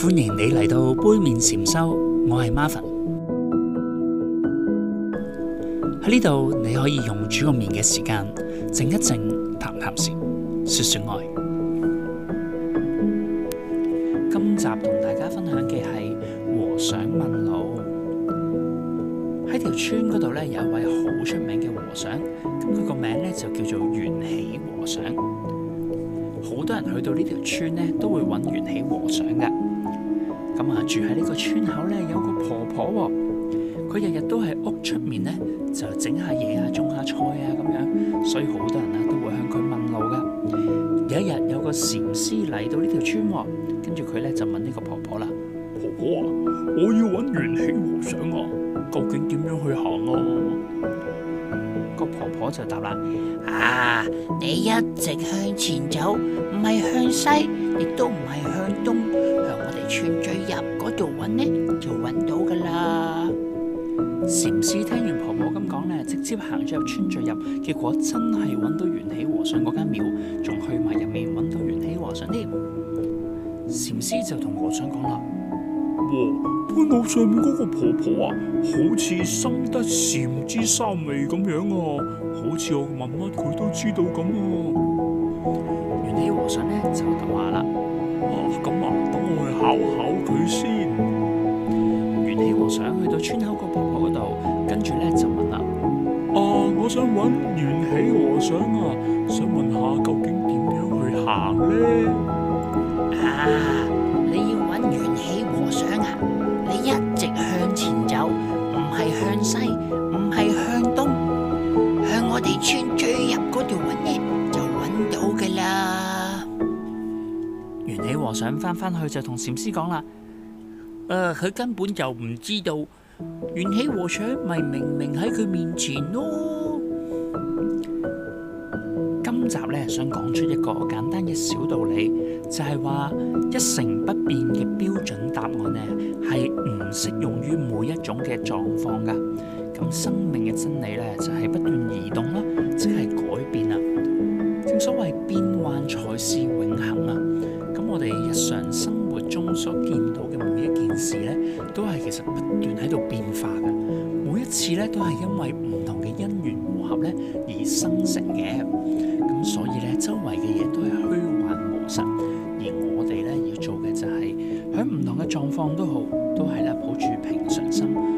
歡迎你嚟到杯麵禪修，我係 Marvin 喺呢度，你可以用煮個麵嘅時間靜一靜，談談禪，說說愛。今集同大家分享嘅係和尚問路。喺條村嗰度呢，有一位好出名嘅和尚，咁佢個名呢就叫做緣起和尚。好多人去到呢條村呢，都會揾緣起和尚噶。咁啊，住喺呢個村口咧，有個婆婆，佢日日都喺屋出面咧，就整下嘢啊，種下菜啊咁樣，所以好多人啊都會向佢問路噶。有一日，有個禪師嚟到呢條村喎，跟住佢咧就問呢個婆婆啦：，婆婆啊，我要揾緣起和尚啊，究竟點樣去行啊？個婆婆就答啦：，啊，你一直向前走，唔係向西，亦都唔係向東。穿聚入嗰度揾呢，就揾到噶啦。禪師聽完婆婆咁講呢，直接行咗入村聚入，結果真係揾到緣起和尚嗰間廟，仲去埋入面揾到緣起和尚添。禪師就同和尚講啦：，哇，半路上面嗰個婆婆啊，好似深得禪之三昧咁樣啊，好似我問乜佢都知道咁啊。緣起和尚呢，就。考考佢先。緣起和尚去到村口個婆婆嗰度，跟住咧就問啦：，啊，我想揾緣起和尚啊，想問下究竟點樣去行咧？啊，你要揾緣起和尚啊？你一直向前走，唔係向西，唔係向東，向我哋村最入個地方嘅。和尚返返去就同禪師講啦，誒，佢根本就唔知道緣起和尚，咪明明喺佢面前咯。今集呢，想講出一個簡單嘅小道理，就係話一成不變嘅標準答案呢係唔適用於每一種嘅狀況噶。咁生命嘅真理呢就係不斷移動啦，即係。生活中所見到嘅每一件事呢，都係其實不斷喺度變化嘅。每一次呢，都係因為唔同嘅因緣和合呢而生成嘅。咁所以呢，周圍嘅嘢都係虛幻無實，而我哋呢要做嘅就係喺唔同嘅狀況都好，都係啦，抱住平常心。